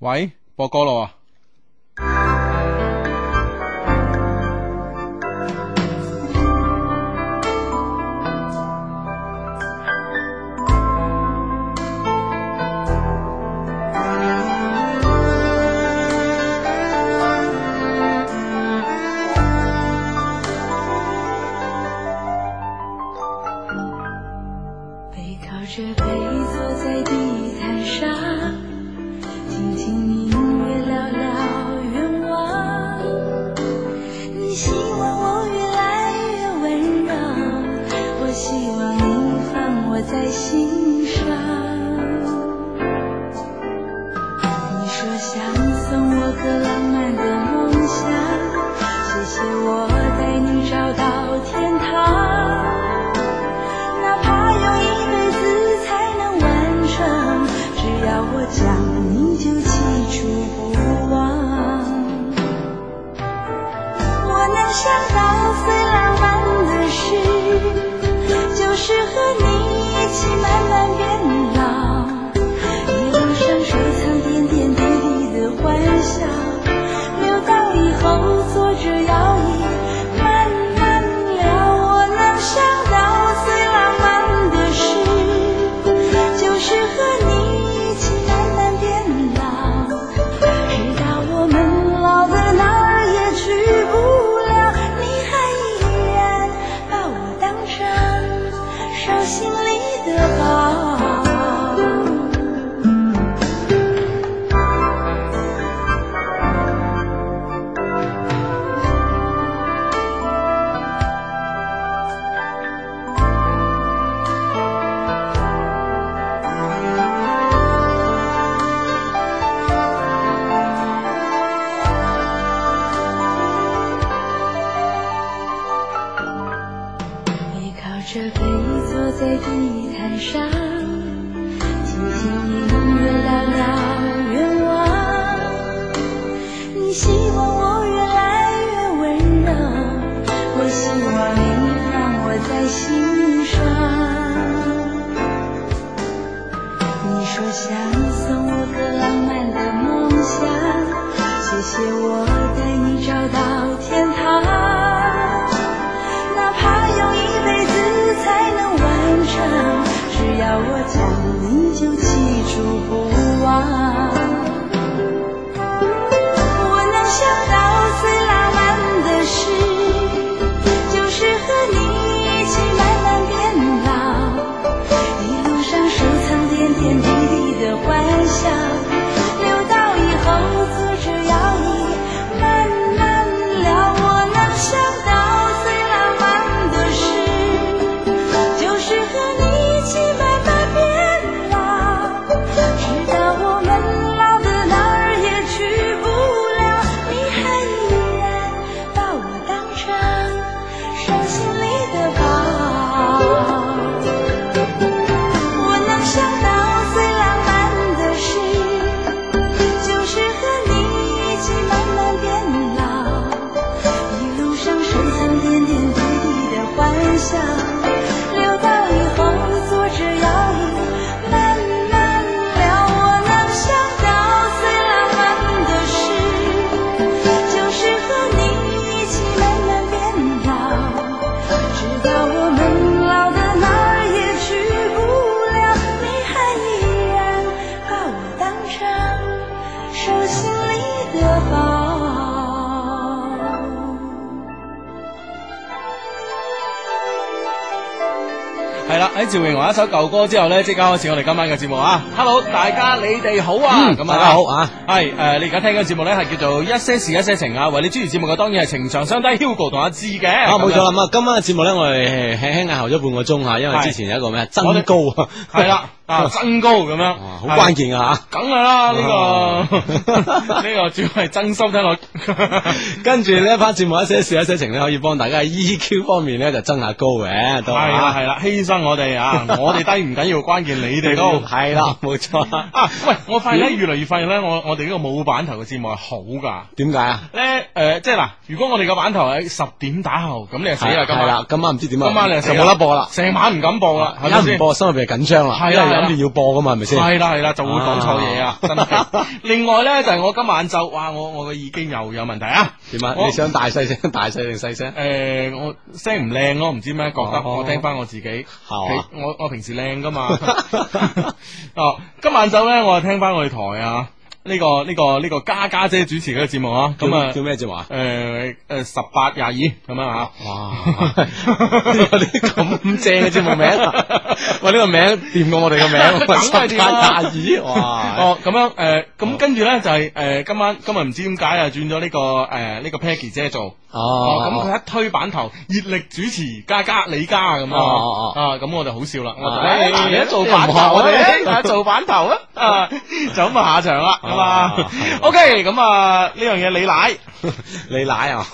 喂，播歌啦喎啊！係啦，喺趙榮華一首舊歌之後咧，即刻開始我哋今晚嘅節目啊！Hello，Yeah. 大家你哋好啊！咁、嗯啊、大家好啊！係誒、呃，你而家聽緊節目咧，係叫做一些事、一些情啊！為你主持節目嘅當然係情場雙低 Hugo 同阿志嘅啊！冇錯啦，咁啊，今晚嘅節目咧，我哋輕輕押後咗半個鐘吓，因為之前有一個咩增是高係啦。的 增高咁樣，好關鍵啊。吓，梗係啦，呢個呢個主要係增收聽落。跟住呢一班節目，一些事，一些情咧，可以幫大家 E Q 方面咧就增下高嘅。係啦係啦，犧牲我哋啊，我哋低唔緊要，關鍵你哋高。係啦，冇錯。喂，我發現咧，越嚟越發現咧，我我哋呢個冇版頭嘅節目係好噶。點解啊？咧誒，即係嗱，如果我哋個版頭喺十點打後，咁你就死啦。係啦，今晚唔知點啊？今晚你成晚冇得播啦，成晚唔敢播啦。一唔播，心入邊緊張啦。係啊。跟住要播噶嘛，係咪先？係啦係啦，就會講錯嘢啊！真係。另外咧，就係、是、我今晚就哇，我我嘅耳機又有問題啊！點啊？我你想大細聲，大細定細聲？誒、呃，我聲唔靚咯，唔知咩覺得？哦、好我聽翻我自己。啊、我我平時靚噶嘛。哦， 今晚走咧，我就聽翻我哋台啊。呢、這個呢、這個呢、這個家家姐，姐主持嘅節目叫啊，咁啊叫咩節目啊？誒誒、呃呃，十八廿二咁樣啊！哇，咁 正嘅節目名， 哇，呢、這個名掂過我哋嘅名 十八廿二,二哇！哦，咁樣誒，咁、呃嗯哦、跟住咧就係、是、誒、呃，今晚今日唔知點解啊，轉咗呢、這個誒呢、呃這個 Peggy 姐做。哦，咁佢、oh, 嗯、一推板頭，熱力主持加加李家、oh, oh, oh. 啊，咁啊，咁我就好笑啦。你一做板頭、啊，我哋 做板頭咧、啊，頭啊、 就咁啊下場啦，係嘛、oh, oh, oh？OK，咁啊呢 okay,、uh, 樣嘢你奶， 你奶啊，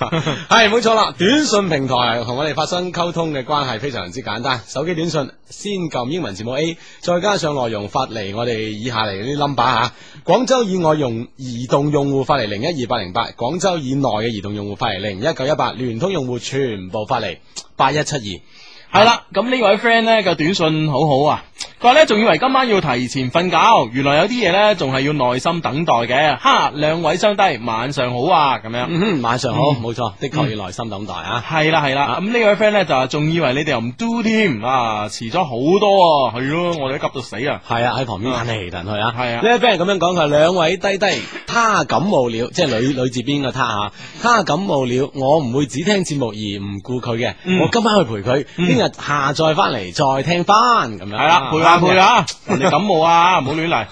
係冇錯啦。短信平台同我哋發生溝通嘅關係非常之簡單，手機短信先撳英文字母 A，再加上內容發嚟我哋以下嚟嗰啲 number 吓。廣州以外用移動用戶發嚟零一二八零八，廣州以內嘅移動用戶發嚟零。一九一八，聯通用戶全部發嚟八一七二。係啦，咁呢位 friend 咧個短信好好啊，佢話呢仲以為今晚要提前瞓覺，原來有啲嘢呢仲係要耐心等待嘅。哈，兩位相低，晚上好啊，咁樣、嗯。晚上好，冇錯、嗯，的確要耐心等待啊。係啦係啦，咁呢、啊、位 friend 咧就仲以為你哋又唔 do 添，啊，遲咗好多。啊。係咯，我哋都急到死啊。係啊，喺旁邊嚟嚟去去啊。係啊，呢位 friend 咁樣講佢，兩位低低，他感冒了，即係女女字邊個他啊？他感冒了，我唔會只聽節目而唔顧佢嘅，嗯、我今晚去陪佢。下載翻嚟再聽翻，咁樣係啦，配下配下，人哋感冒啊，唔好亂嚟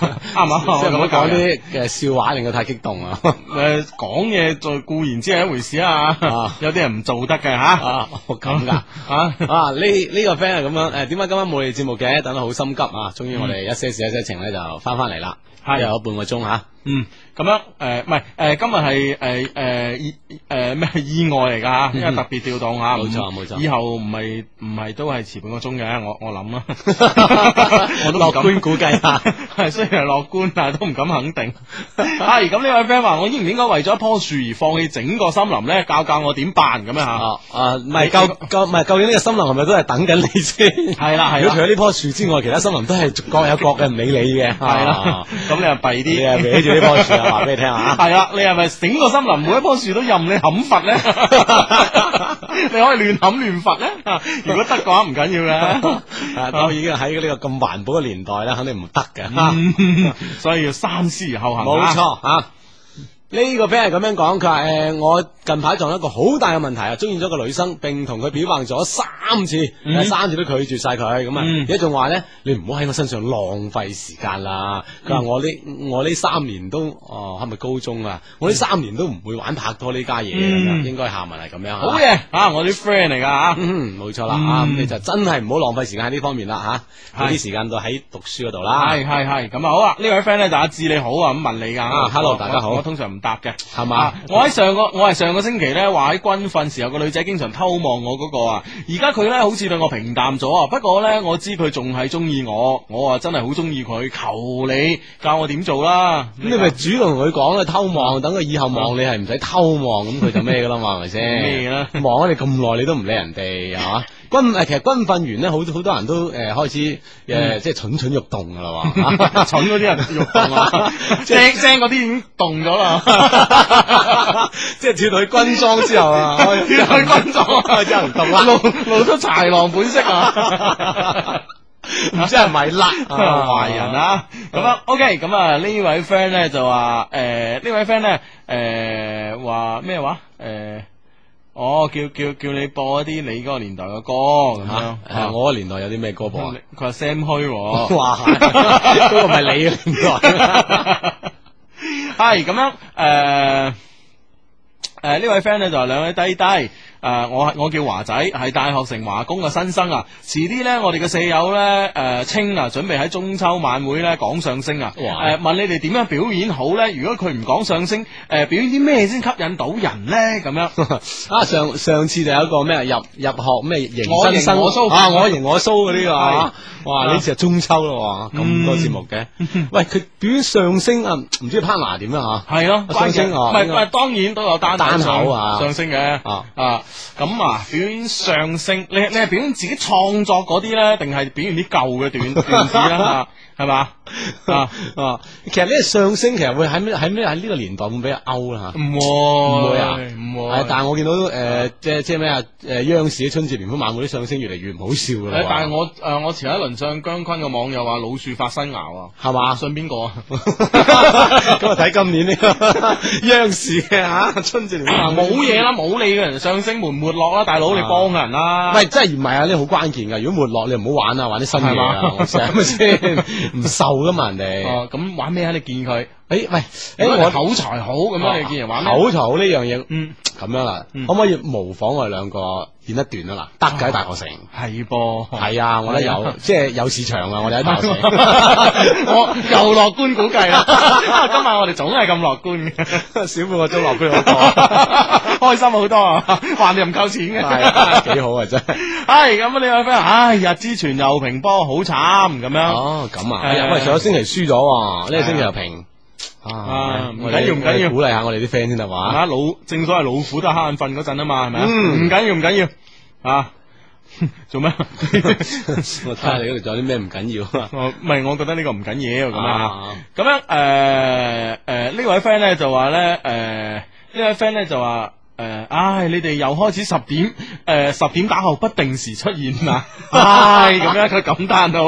啱唔啱？即係咁樣講啲嘅笑話，令佢太激動啊！誒，講嘢再固然之係一回事啊，有啲人唔做得嘅吓，哦，咁噶吓啊，呢呢個 friend 係咁樣誒，點解今晚冇你哋節目嘅？等得好心急啊，終於我哋一些事一些情咧就翻翻嚟啦，又有半個鐘吓。嗯，咁樣誒，唔係誒，今日係誒誒誒咩意外嚟㗎？因為特別調動吓，冇錯冇錯，以後唔係唔係都係遲半個鐘嘅，我我諗啊，我都樂觀估計啊，係雖然係樂觀，但係都唔敢肯定。啊，而咁呢位 friend 話，我應唔應該為咗一樖樹而放棄整個森林咧？教教我點辦咁樣吓？啊，唔係，究究唔係？究竟呢個森林係咪都係等緊你先？係啦係啦，除咗呢樖樹之外，其他森林都係各有各嘅唔理你嘅，係啦，咁你啊弊啲，避棵樹 啊，話俾你聽啊，係啦，你係咪整個森林每一棵樹都任你砍伐咧？ 你可以亂砍亂伐咧？ 如果得嘅話唔緊要嘅，都已經喺呢個咁環保嘅年代咧，肯定唔得嘅， 所以要三思而後行。冇錯啊。呢個 friend 係咁樣講，佢話：誒，我近排撞到一個好大嘅問題啊，中意咗個女生，並同佢表白咗三次，三次都拒絕晒佢，咁啊，而家仲話咧，你唔好喺我身上浪費時間啦。佢話我呢，我呢三年都，哦，係咪高中啊？我呢三年都唔會玩拍拖呢家嘢，應該下文係咁樣。好嘢，吓我啲 friend 嚟噶吓，冇錯啦，咁你就真係唔好浪費時間喺呢方面啦，吓，啲時間就喺讀書嗰度啦。係系系，咁啊好啊，呢位 friend 咧就阿志你好啊，咁問你噶。啊，hello，大家好，通常。答嘅係嘛？我喺上個我係上個星期咧，話喺軍訓時候個女仔經常偷望我嗰個啊。而家佢咧好似對我平淡咗啊。不過咧，我知佢仲係中意我，我啊真係好中意佢。求你教我點做啦。咁 你咪主動同佢講啊，偷望，等佢以後望 你係唔使偷望，咁佢就咩噶啦嘛，係咪先？咩啦？望咗你咁耐，你都唔理人哋，係 軍誒，其實軍訓完咧，好多好多人都誒開始誒、嗯嗯、即係蠢蠢欲動噶啦，蠢嗰啲人欲動，即係嗰啲已經動咗啦，啊、 即係跳到去軍裝之後 啊，跳脫咗軍裝之唔動啦，露出豺狼本色啊，唔知係咪啦，壞人啊，咁啊、ah,，OK，咁啊、呃呃、呢位 friend 咧就話誒呢位 friend 咧誒話咩話誒？呃 mm, 哦，叫叫叫你播一啲你嗰個年代嘅歌咁、啊、樣，我嗰年代有啲咩歌播啊？佢話 Sam 虛，啊、哇，嗰個唔係你嘅年代。係咁樣，誒、呃，誒、呃呃、呢位 friend 咧就係、是、兩位低低。誒，我係我叫華仔，係大學城華工嘅新生啊。遲啲咧，我哋嘅舍友咧，誒，青啊，準備喺中秋晚會咧講相聲啊。誒，問你哋點樣表演好咧？如果佢唔講相聲，誒，表演啲咩先吸引到人咧？咁樣啊，上上次就有一個咩入入學咩迎新生啊，我迎我 show 嗰啲啊，哇！呢次係中秋咯，咁多節目嘅。喂，佢表演相聲啊？唔知 partner 點樣啊？係咯，相聲唔係唔係，當然都有單口相聲嘅啊啊。咁啊，表演相聲，你你係表演自己創作嗰啲咧，定係表演啲舊嘅段 段子咧吓。係嘛啊啊！其實呢個相聲其實會喺咩喺咩喺呢個年代會比較歐啦吓，唔會啊唔會。但係我見到誒即係即係咩啊？誒，央視啲春節聯歡晚會啲相聲越嚟越唔好笑啦。但係我誒我前一輪上姜昆嘅網友話老樹發生牙啊，係嘛？信邊個啊？咁啊睇今年呢個央視嘅吓春節聯歡啊冇嘢啦，冇你嘅人，相聲門沒落啦，大佬你幫人啦。喂，真係唔係啊？呢好關鍵噶，如果沒落你唔好玩啊，玩啲新嘢啊，咁先。唔瘦噶嘛人哋家，哦咁玩咩啊？你見佢。誒，喂，誒，我口才好咁樣，你見人玩咩？口才好呢樣嘢，嗯，咁樣啦，可唔可以模仿我哋兩個演一段啊？嗱，得嘅大角城，係噃，係啊，我覺得有，即係有市場啊！我哋喺大角城，我又樂觀估計啦，今晚我哋總係咁樂觀嘅，小半個鐘樂觀好多，開心好多，啊，話你唔夠錢嘅，幾好啊真係，係咁啊你個 friend，哎呀，之前又平波，好慘咁樣，哦，咁啊，哎呀，喂，上個星期輸咗，呢個星期又平。啊！唔緊要唔緊要，們鼓勵下我哋啲 friend 先得嘛、嗯。啊，老正所謂老虎都係瞌眼瞓嗰陣啊嘛，係咪？嗯，唔緊要唔緊要啊！做咩？我睇下你嗰度仲有啲咩唔緊要啊？唔係，我覺得呢個唔緊要咁啊。咁、啊、樣誒誒，呢、呃呃、位 friend 咧就話咧誒，呢、呃、位 friend 咧就話。呃誒，唉、呃，你哋又開始十點，誒、呃，十點打後不定時出現嘛？唉、 哎，咁樣佢咁彈到，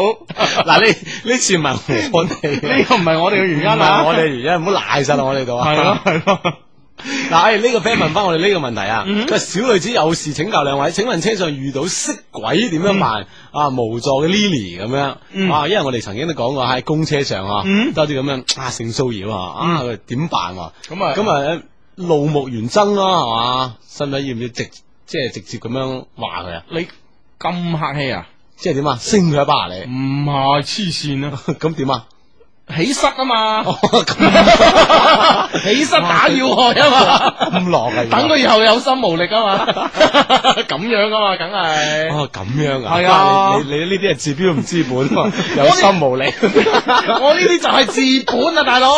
嗱呢次問我哋，呢個唔係我哋嘅原因啊，我哋原因唔好賴晒我哋度 啊。係咯係咯，嗱、啊，誒、呃，呢、這個 friend 問翻我哋呢個問題啊，個、嗯、小女子有事請教兩位，請問車上遇到色鬼點樣辦、嗯、啊？無助嘅 Lily 咁樣，哇、嗯，因為我哋曾經都講過喺公車上啊，多啲咁樣啊性騷擾啊，點辦啊？咁啊咁啊。嗯怒目圓睜啦，係嘛？身位要唔要直，即係直接咁樣話佢啊？啊你咁客氣啊？即係點啊？升佢一巴你？唔係痴線啊，咁點啊？起塞啊嘛， 起塞打要害啊嘛，咁落嚟，等佢以後有心無力啊嘛，咁 樣啊嘛，梗係，啊咁、哦、樣啊，係啊，你你呢啲係治標唔治本嘛， 有心無力， 我呢啲就係治本啊，大佬，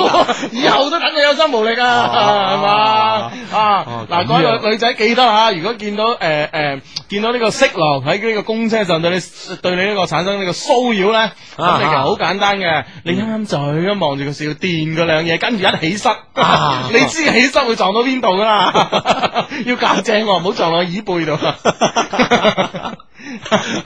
以後都等佢有心無力啊，係嘛吧，啊嗱，各位女仔記得啊，如果見到誒誒、呃呃、見到呢個色狼喺呢個公車上對你對你呢個產生個騷擾呢個騷擾咧，咁你其實就好簡單嘅。 你啱啱嘴啊！望住個笑，掂嗰兩嘢，跟住一起身，ah, 你知起身會撞到邊度噶啦？ 要校正我、啊，唔好撞落椅背度。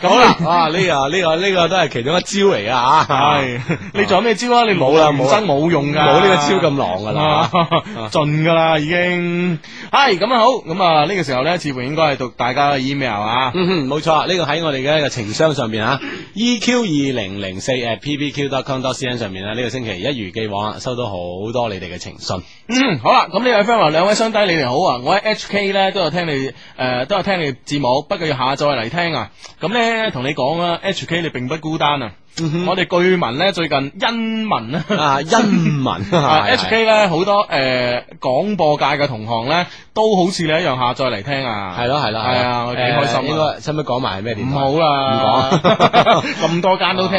好啦，啊呢個呢個呢個都係其中一招嚟噶吓，係你仲有咩招啊？你冇啦，真冇用噶，冇呢個招咁狼噶啦，係盡噶啦已經。係咁啊好，咁啊呢個時候咧，似乎應該係讀大家嘅 email 啊，冇錯，呢個喺我哋嘅一個信箱上邊啊，EQ 二零零四誒 P B Q dot com dot C N 上面啊，呢個星期一如既往收到好多你哋嘅情信。嗯，好啦，咁呢位 friend 兩位雙低，你哋好啊，我喺 H K 咧都有聽你誒都有聽你節目，不過要下載嚟聽啊。咁咧，同、嗯、你講啊，HK 你並不孤單啊！我哋據聞咧，最近英文咧，啊英文 HK 咧好多誒廣播界嘅同行咧，都好似你一樣下載嚟聽啊，係咯係咯，係啊，我幾開心啊！應該使唔使講埋係咩電台？唔好啦，唔講咁多間都聽，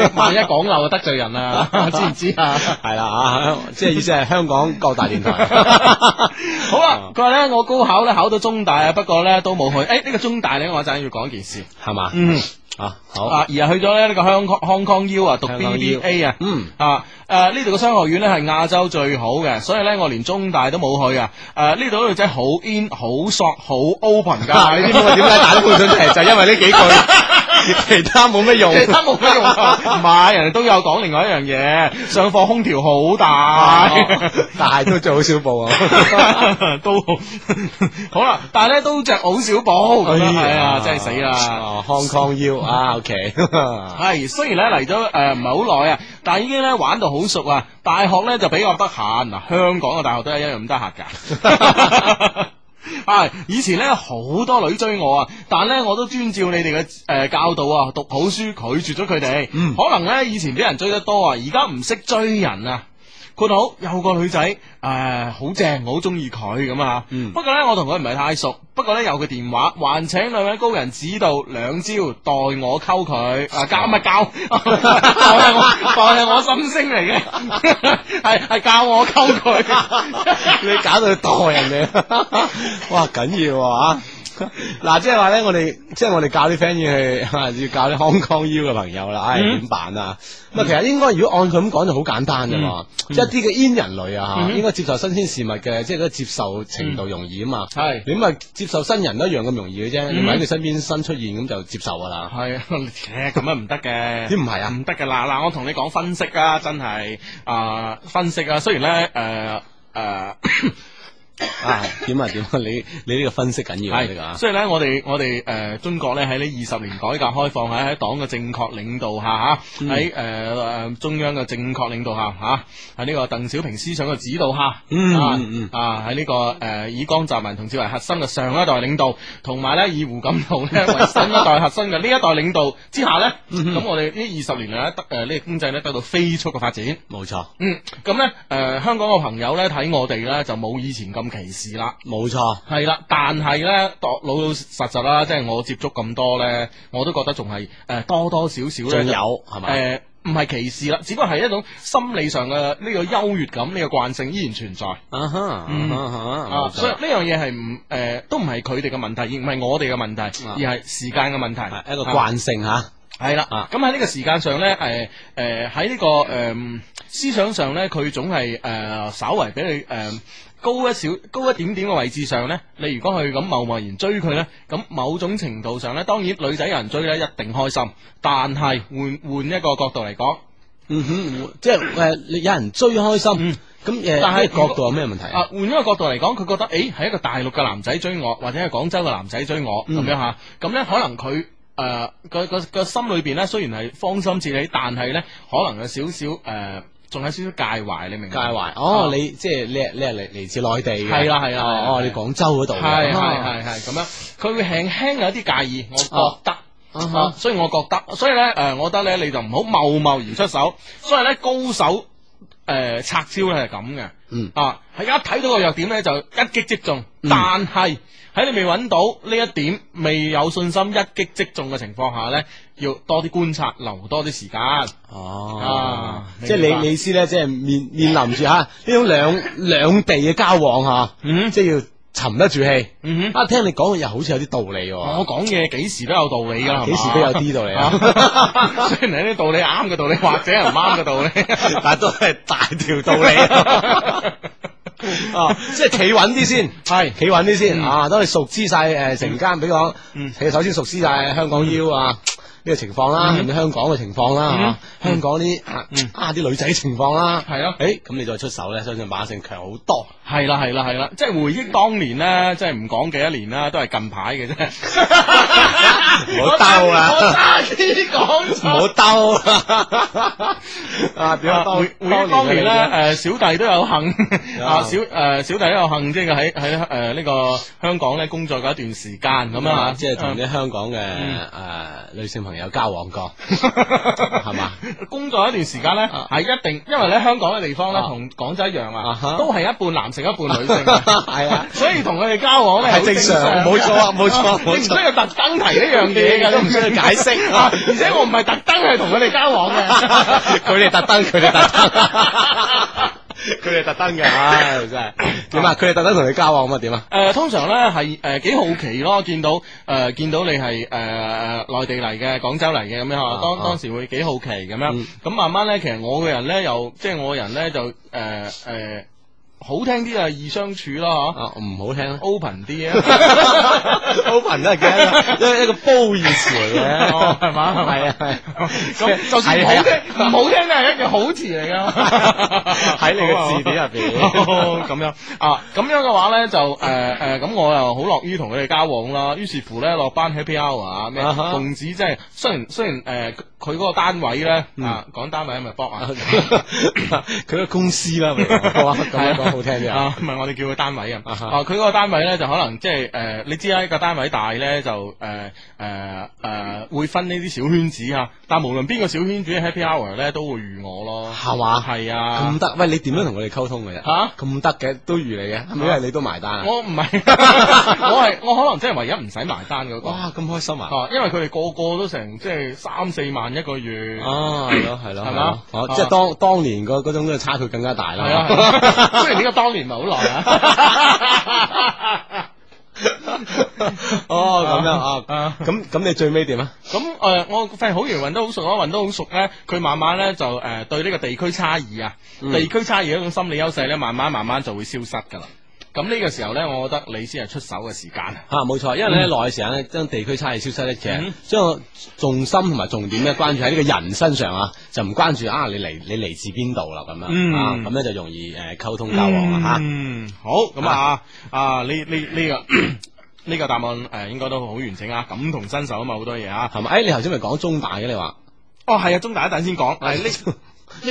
你萬一講漏就得罪人啦，知唔知啊？係啦啊，即係意思係香港各大電台。好啦，佢話咧，我高考咧考到中大啊，不過咧都冇去。誒，呢個中大咧，我就係要講件事，係嘛？嗯。啊好啊，而家去咗咧呢、這個香港香港 U 啊，讀 BBA 啊，嗯啊。嗯啊。誒，呢度嘅商學院咧係亞洲最好嘅，所以咧我連中大都冇去啊！誒、呃，呢度嗰女仔好 in 很 up、好索、好 open 噶，點解打到微信就係因為呢幾句， 其他冇咩用，其他冇咩用，啊，唔係， 人哋都有講另外一樣嘢，上課空調好大， 但係都着好少布啊， 都很 好好啦，但係咧都着好少布，哎、哦、啊，真係死啦！Hong Kong U 啊，OK，係 雖然咧嚟咗誒唔係好耐啊，但係已經咧玩到好。好熟啊！大學呢就比較得閒嗱，香港嘅大學都係一樣咁得閒㗎。係 以前呢，好多女追我啊，但呢，我都遵照你哋嘅誒教導啊，讀好書拒絕咗佢哋。嗯、可能呢，以前俾人追得多啊，而家唔識追人啊。佢好，好有個女仔，誒、呃、好正，我好中意佢咁啊！嗯、不過咧，我同佢唔係太熟。不過咧，有個電話，還請兩位高人指導兩招待、啊 待，待我溝佢啊！教咪教，代係我，心聲嚟嘅，係 係教我溝佢。 你搞到待人哋， 哇緊要啊！嗱，即係話咧，我哋即係我哋教啲 friend、去、啊、要教啲康康腰嘅朋友啦，唉、mm，點、hmm. 哎、辦啊？咁啊、mm，hmm. 其實應該如果按佢咁講就好簡單啫嘛，mm hmm. 即一啲嘅煙人類啊吓，mm hmm. 應該接受新鮮事物嘅，即係個接受程度容易啊嘛。係、mm，hmm. 你咁接受新人都一樣咁容易嘅啫，唔係喺佢身邊新出現咁就接受噶啦。係，啊，咁樣唔得嘅。點唔係啊？唔得噶啦嗱，我同你講分析啊，真係啊，分析啊，雖然咧誒誒。呃呃啊，點啊點啊！你你呢個分析緊要啊，所以咧，我哋我哋誒、呃，中國咧喺呢二十年改革開放喺喺黨嘅正確領導下，喺誒、呃、中央嘅正確領導下，吓喺呢個鄧小平思想嘅指導下，嗯，嗯啊喺呢、這個誒、呃、以江澤民同志為核心嘅上一代領導，同埋咧以胡錦濤咧為新一代核心嘅呢一代領導之下咧，咁、嗯、哼我哋呢二十年嚟得誒、呃這個、呢個經濟咧得到飛速嘅發展，冇錯錯。嗯，咁咧誒香港嘅朋友咧睇我哋咧就冇以前咁。歧視啦，冇錯係啦，但係咧，當老老實實啦，即係我接觸咁多咧，我都覺得仲係誒多多少少咧，仲有係嘛誒，唔係、呃、歧視啦，只不過係一種心理上嘅呢個優越感，呢、這個慣性依然存在。啊哈，啊所以呢樣嘢係唔誒都唔係佢哋嘅問題，而唔係我哋嘅問題，啊、而係時間嘅問題，一個慣性吓係啦。咁喺呢個時間上咧，誒誒喺呢個誒、呃、思想上咧，佢總係誒稍為俾你誒。高一小高一點點嘅位置上呢，你如果去咁貿貿然追佢呢，咁某種程度上呢，當然女仔有人追呢一定開心，但係換換一個角度嚟講，嗯哼，即係有人追開心，咁但係角度有咩問題啊？換一個角度嚟講，佢覺得誒，係、欸、一個大陸嘅男仔追我，或者係廣州嘅男仔追我，咁、嗯、樣吓，咁呢可能佢誒個個心裏邊呢，雖然係芳心至烈，但係呢可能有少少誒。呃仲有少少介懷，你明？唔介懷哦，哦，你即係你，你係嚟嚟自內地嘅，係啦係啦，啊、哦，你廣州嗰度嘅，係係係咁樣，佢會輕輕有一啲介意，我覺得，啊，啊所以我覺得，所以我覺得，所以咧，誒，我覺得咧，你就唔好貿貿然出手，所以咧，高手誒、呃、拆招咧係咁嘅，嗯，啊，係家睇到個弱點咧就一擊即中，但係是。嗯喺你未揾到呢一點，未有信心一擊即中嘅情況下咧，要多啲觀察，留多啲時間。哦，即係你意白思咧，即、就、係、是、面 面臨住吓呢種兩兩地嘅交往吓， 即係要沉得住氣。嗯哼， 啊，聽你講嘅又好似有啲道理、啊啊。我講嘢幾時都有道理噶、啊，幾時都有啲道理。雖然係啲道理啱嘅道理，或者係唔啱嘅道理， 但係都係大條道理、啊。笑 啊，即係企穩啲先，係企穩啲先是啊！當你熟知晒誒成間，呃、比如講，嗯，你首先熟知晒香港 U 啊。嗯呢個情況啦，香港嘅情況啦，香港啲啊啲女仔情況啦，係啊，誒咁你再出手咧，相信馬勝強好多，係啦係啦係啦，即係回憶當年咧，即係唔講幾多年啦，都係近排嘅啫。唔好兜啦，唔好兜啦。啊，回回憶當年咧，誒小弟都有幸啊小誒小弟都有幸即係喺喺誒呢個香港咧工作過一段時間咁樣，即係同啲香港嘅誒女性。朋友交往過，係嘛？工作一段時間咧，係一定，因為咧香港嘅地方咧，同廣州一樣啊，都係一半男性一半女性，係啊，所以同佢哋交往咧係正常，冇錯，冇錯，你唔需要特登提呢樣嘢噶，都唔需要解釋。而且我唔係特登去同佢哋交往嘅，佢哋特登，佢哋特登。佢哋特登嘅，真係點啊？佢哋特登同你交往咁啊點啊？誒、呃，通常咧係誒幾好奇咯，見到誒、呃，見到你係誒誒內地嚟嘅，廣州嚟嘅咁樣。吓，當當時會幾好奇咁樣。咁、嗯、慢慢咧，其實我個人咧又即係我個人咧就誒誒。呃呃好聽啲啊，易相處咯，吓，唔好聽 open 啲啊，open 都係驚，一一個褒義詞嚟嘅，係嘛，係啊，係，咁就算唔好聽，唔好聽都係一件好詞嚟噶，喺你嘅字典入邊，咁樣，啊，咁樣嘅話咧就，誒，誒，咁我又好樂於同佢哋交往啦，於是乎咧落班 happy hour 啊，咩奉旨即係，雖然雖然誒。佢嗰個單位咧，啊，講單位咪搏眼，佢個公司啦，係嘛，講好聽啲啊，唔係我哋叫佢單位啊，佢嗰個單位咧就可能即係，誒，你知啦，一個單位大咧就，誒，誒，誒，會分呢啲小圈子啊，但係無論邊個小圈子 happy hour 咧都會預我咯，係嘛，係啊，咁得，喂，你點樣同佢哋溝通嘅啫？吓，咁得嘅，都預你嘅，係咪因為你都埋單啊？我唔係，我係，我可能即係唯一唔使埋單嘅，哇，咁開心啊，啊，因為佢哋個個都成即係三四萬。一個月哦，係咯係咯，係嘛，哦，哦即係當、啊、當年嗰種嘅差距更加大啦。 雖然呢個當年唔係好耐啊。 哦，咁樣啊，咁咁、啊啊、你最尾點啊？咁誒、嗯呃，我發現好緣運都好熟，我運都好熟咧。佢慢慢咧就誒、呃，對呢個地區差異啊，地區差異一種心理優勢咧，慢慢慢慢就會消失噶啦。咁呢個時候咧，我覺得你先係出手嘅時間吓，冇錯。因為咧，耐嘅時間咧，將地區差異消失得淨，將重心同埋重點咧，關注喺呢個人身上啊，就唔關注啊你嚟你嚟自邊度啦咁樣啊，咁咧就容易誒溝通交往啊。嗯，好，咁啊啊，呢呢呢個呢個答案誒，應該都好完整啊。感同身受啊嘛，好多嘢啊。係咪？誒，你頭先咪講中大嘅你話？哦，係啊，中大等陣先講。呢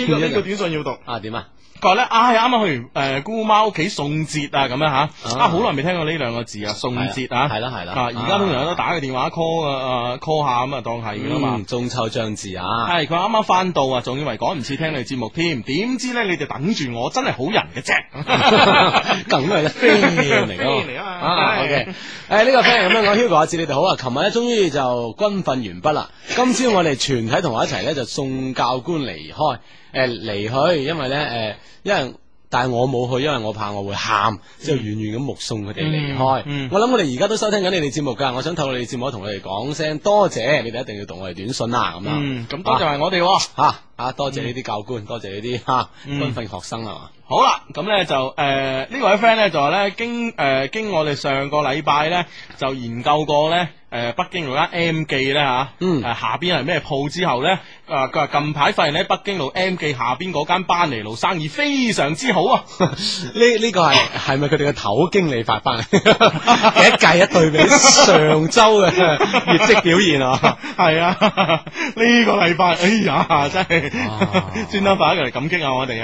呢個呢個短信要讀啊？點啊？佢話咧，啊，啱啱去完姑媽屋企送節啊，咁樣吓，啊，好耐未聽過呢兩個字啊，送節啊，係啦係啦，而家通常都打個電話 call 啊 call 下咁啊，當係㗎嘛，中秋將至啊，係，佢啱啱翻到啊，仲以為講唔似聽你節目添，點知咧你哋等住我，真係好人嘅啫，梗係啦，friend 嚟啊，OK，誒呢個 friend 咁樣講，Hugo 阿志你哋好啊，琴日咧終於就軍訓完畢啦，今朝我哋全體同學一齊咧就送教官離開。誒，離去，因為咧，誒，因為，但係我冇去，因為我怕我會喊，之後遠遠咁目送佢哋離開。我諗我哋而家都收聽緊你哋節目噶，我想透過你哋節目同佢哋講聲多謝，你哋一定要同我哋短信啦，咁啊，咁多謝係我哋吓，啊，多謝呢啲教官，多謝呢啲吓軍訓學生啦，好啦，咁咧就誒呢位 friend 咧就話咧經誒經我哋上個禮拜咧就研究過咧誒北京嗰間 M 記咧吓，誒下邊係咩鋪之後咧。啊，佢話近排發現喺北京路 M 記下邊嗰間班尼路生意非常之好啊！呢呢個係係咪佢哋嘅頭經理發翻嚟？ 一計一對比上周嘅業績表現啊！係 啊，呢、呢個禮拜，哎呀，真係專登發嚟感激下我哋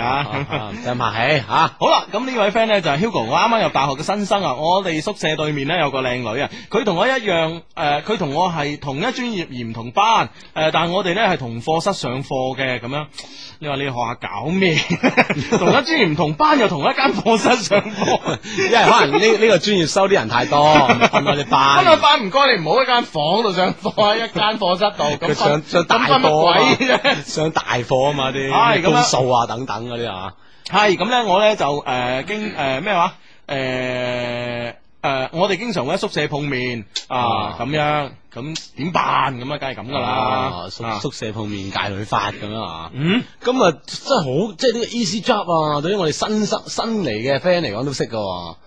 真拍起吓。好啦、啊，咁呢位 friend 咧就係、係、Hugo，我啱啱入大學嘅新生啊，我哋宿舍對面咧有個靚女啊，佢同我一樣，誒、呃，佢同我係同一專業而唔同班，誒、呃，但係我哋咧係同課課室上課嘅咁樣，你話你學下搞咩？ 同一專業唔同班又同一間課室上課， 因為可能呢呢、這個專業收啲人太多，係咪班？今日、嗯、班唔該，你唔好一間房度上課， 一間課室度。佢上上大課，上、啊、大課 啊嘛啲公數啊等等嗰啲啊。係咁咧，我咧就誒、呃、經誒咩話誒。呃誒，我哋經常喺宿舍碰面啊，咁樣咁點辦咁啊？梗係咁噶啦，宿宿舍碰面芥履法咁啊！嗯，咁啊真係好，即係呢個 easy job 啊！對於我哋新生新嚟嘅 friend 嚟講都識噶，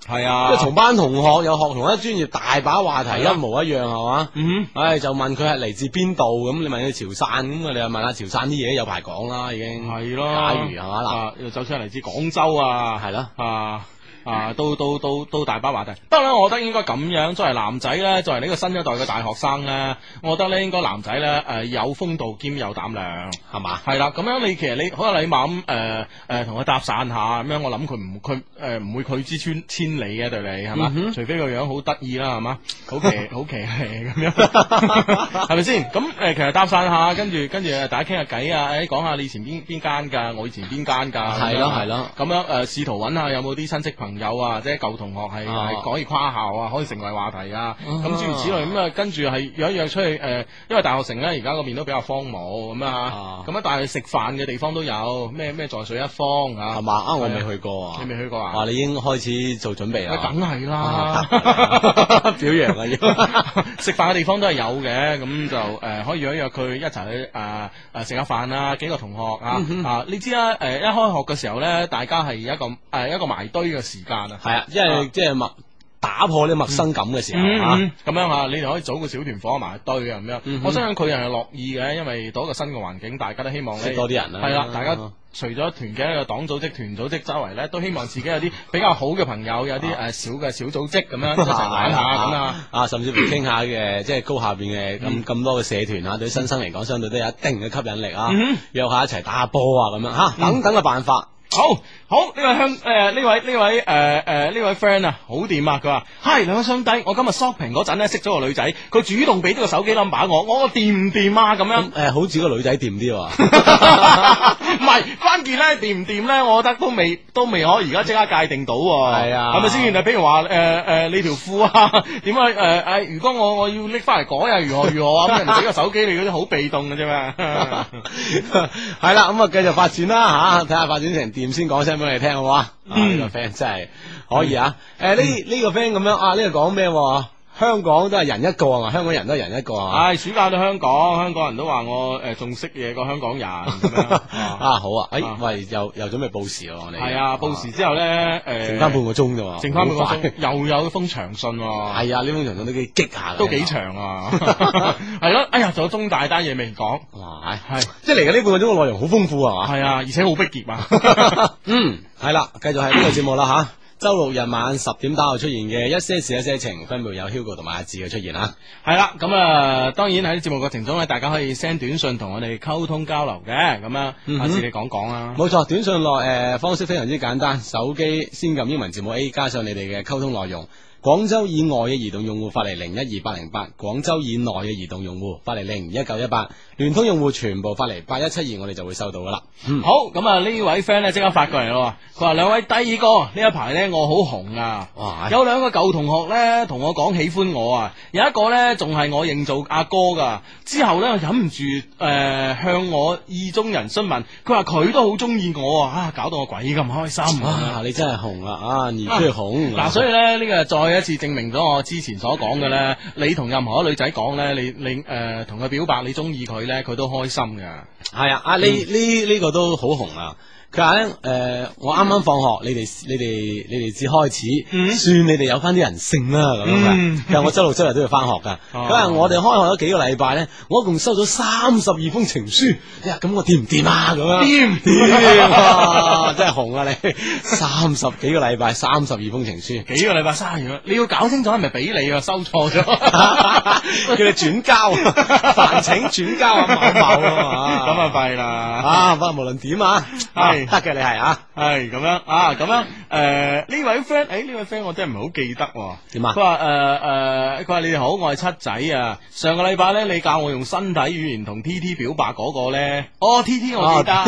係啊，即係同班同學又學同一專業，大把話題一模一樣係嘛？嗯，唉，就問佢係嚟自邊度？咁你問佢潮汕咁啊？你又問下潮汕啲嘢有排講啦，已經係咯，假如係嘛嗱，就算係嚟自廣州啊，係咯啊。啊，到到到到大把話題。得啦。我覺得應該咁樣，作為男仔咧，作為呢個新一代嘅大學生咧，我覺得咧應該男仔咧誒有風度兼有膽量，係嘛吧？係啦，咁樣你其實你好有禮貌咁誒誒同佢搭訕下，咁樣我諗佢唔佢誒唔會拒之千里嘅對你，係嘛？嗯、哼除非個樣好得意啦，係嘛？好奇 好奇係咁樣，係咪先？咁誒、呃、其實搭訕下，跟住跟住大家傾下偈啊，誒講下你以前邊邊間噶，我以前邊間噶，係咯係咯，咁樣誒試、呃、圖搵下有冇啲親戚朋。有啊，即係舊同學係係可以跨校啊，可以成為話題啊，咁諸如此類，咁啊跟住係約一約出去誒，因為大學城咧而家嗰面都比較荒蕪咁啊，咁啊但係食飯嘅地方都有咩咩在水一方吓係嘛，我未去過，你未去過啊？哇，你已經開始做準備啊。梗係啦，表揚啊要食飯嘅地方都係有嘅，咁就誒可以約一約佢一齊去啊啊食下飯啊。幾個同學啊啊你知啦，誒一開學嘅時候咧，大家係一個誒一個埋堆嘅時。間啊，係啊，即係即係陌打破呢陌生感嘅時候、嗯、啊，咁樣啊，你哋可以組個小團伙埋堆啊，咁、就、樣、是，我相信佢又係樂意嘅，因為到一個新嘅環境，大家都希望識多啲人啦、啊。係啦、啊，大家除咗團嘅一個黨組織、團組織周圍咧，都希望自己有啲比較好嘅朋友，有啲誒小嘅小組織咁樣、啊、一齊玩一下咁啊，啊，甚至乎傾下嘅即係高下邊嘅咁咁多嘅社團啊，團對新生嚟講，相對都有一定嘅吸引力啊。約下一齊打波啊，咁樣吓，等等嘅辦法，好。好呢位香誒呢位呢、呃、位誒誒呢位 friend 啊，好掂啊！佢話係兩個兄弟，我今日 shopping 嗰陣咧識咗個女仔，佢主動俾啲個手機 number 我，我掂唔掂啊？咁樣誒、呃，好似個女仔掂啲、啊，唔 係 關鍵咧掂唔掂咧？我覺得都未都未可而家即刻界定到，係啊，係咪先？就譬、啊、如話誒誒你條褲啊，點解誒誒，如果我我要拎翻嚟改又、啊、如何如何 啊？不如俾個手機你，嗰啲好被動嘅啫嘛。係、嗯、啦，咁啊繼續發展啦吓，睇、啊、下發展成掂先講聲。咁樣嚟聽好唔好、嗯、啊？呢個 friend 真係可以啊！誒，呢呢個 friend 咁樣啊，呢個講咩？啊這個香港都係人一個啊，香港人都係人一個啊。唉，暑假到香港，香港人都話我誒仲識嘢過香港人。啊好啊，誒喂，又又準備報時咯，我哋。係啊，報時之後咧，誒，剩翻半個鐘咋嘛？剩翻半個鐘，又有封長信。係啊，呢封長信都幾激下都幾長啊。係咯，哎呀，仲有中大單嘢未講。哇，係，即係嚟緊呢半個鐘嘅內容好豐富啊嘛。係啊，而且好逼劫啊。嗯，係啦，繼續係呢個節目啦吓。周六日晚十點打號出現嘅一些事一些情，分別有 Hugo 同埋阿志嘅出現啊！係啦，咁啊、呃，當然喺節目過程中咧，大家可以 send 短信同我哋溝通交流嘅，咁、嗯、啊，下次你講講啊。冇錯，短信內誒、呃、方式非常之簡單，手機先撳英文字母 A 加上你哋嘅溝通內容。廣州以外嘅移動用戶發嚟零一二八零八，廣州以內嘅移動用戶發嚟零一九一八。聯通用戶全部發嚟八一七二，我哋就會收到噶啦。嗯、好，咁啊呢位 friend 咧即刻發過嚟咯。佢話兩位第二個呢一排呢，我好紅啊，哎、呀有兩個舊同學呢，同我講喜歡我啊，有一個呢，仲係我認做阿哥噶。之後咧忍唔住誒、呃、向我意中人詢問，佢話佢都好中意我啊，啊搞到我鬼咁開心啊！哎、呀你真係紅啊啊真係紅嗱，所以呢，呢個再一次證明咗我之前所講嘅呢、嗯、呢，你同任何女仔講呢，你你誒同佢表白你中意佢。咧佢都開心噶，係啊！嗯、啊，呢呢呢個都好紅啊！咁誒，我啱啱放學，你哋你哋你哋至開始，算你哋有翻啲人性啦咁樣。其實我周六周日都要翻學㗎。嗰日我哋開學咗幾個禮拜咧，我一共收咗三十二封情書。咁我掂唔掂啊？咁樣掂唔掂啊？真係紅啊你！三十幾個禮拜，三十二封情書，幾個禮拜三樣。你要搞清楚係咪俾你啊？收錯咗，叫你轉交，煩請轉交阿某某啊嘛。咁啊弊啦！啊，不過無論點啊。得嘅，你係啊，係咁樣啊，咁樣。誒，呢位 friend，誒，呢位 friend，我真係唔係好記得點啊？佢話誒誒，佢話你哋好，我係七仔啊。上個禮拜咧，你教我用身體語言同 T T 表白嗰個咧，哦 T T 我記得，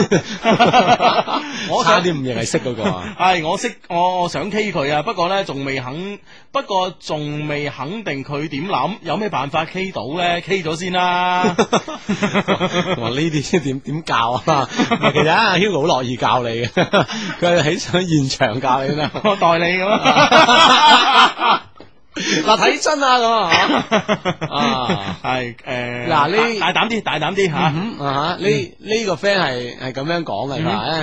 我差啲唔認係識嗰個。係我識，我想 K 佢啊，不過咧仲未肯，不過仲未肯定佢點諗，有咩辦法 K 到咧？K 咗先啦。我話呢啲先點點教啊？其實阿 Hugo 好樂意教你嘅，佢喺場現場教。代理啦， 我代理咁。嗱， 睇真啊咁啊，係誒， 嗱，呢大膽啲，大膽啲吓，嗯、哼啊吓，呢呢、嗯、個 friend 係係咁樣講嘅，話誒誒，誒、